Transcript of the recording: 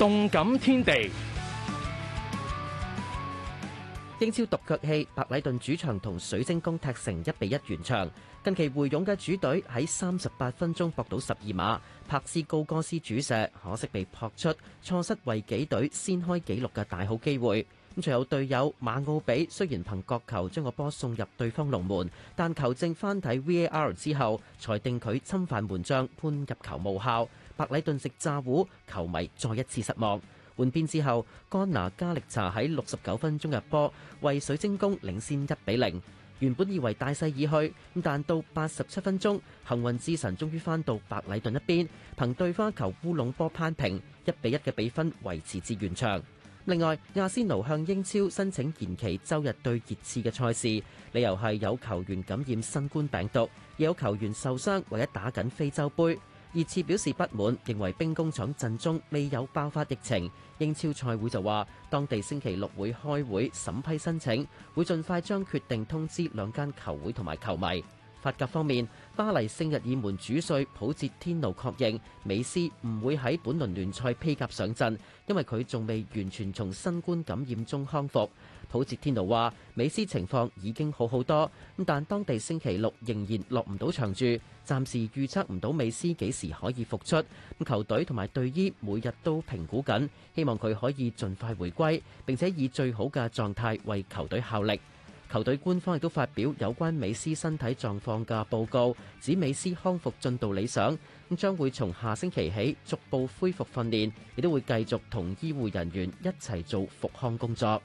動感天地，英超獨腳戲，白禮頓主場同水晶宮踢成一比一完場。近期回勇嘅主隊喺三十八分鐘搏到十二碼，柏斯高哥斯主射，可惜被撲出，錯失為己隊先開紀錄嘅大好機會。咁隨後隊友馬奧比雖然憑角球將個波送入對方龍門，但球證翻睇 VAR 之後裁定佢侵犯門將，判入球無效。白禮頓食炸糊，球迷再一次失望。換邊之後，乾拿加力茶喺六十九分鐘入波，為水晶宮領先一比零。原本以為大勢已去，但到八十七分鐘，幸運之神終於翻到白禮頓一邊，憑對方球烏龍波攀平，一比一嘅比分維持至完場。另外，亞仙奴向英超申請延期周日對熱刺嘅賽事，理由係有球員感染新冠病毒，有球員受傷，或者打緊非洲杯。熱刺表示不滿，認為兵工廠陣中未有爆發疫情。英超賽會就話，當地星期六會開會審批申請，會盡快將決定通知兩間球會同埋球迷。法甲方面。巴黎聖日耳門主帥普捷天奴確認，美斯唔會喺本輪聯賽披甲上陣，因為佢仲未完全從新冠感染中康復。普捷天奴話：美斯情況已經好好多，但當地星期六仍然落唔到場住，暫時預測唔到美斯幾時可以復出。咁球隊同埋隊醫每日都評估緊，希望佢可以盡快回歸，並且以最好嘅狀態為球隊效力。球隊官方亦都發表有關美斯身體狀況嘅報告，指美斯康復進度理想，咁將會從下星期起逐步恢復訓練，亦都會繼續同醫護人員一齊做復康工作。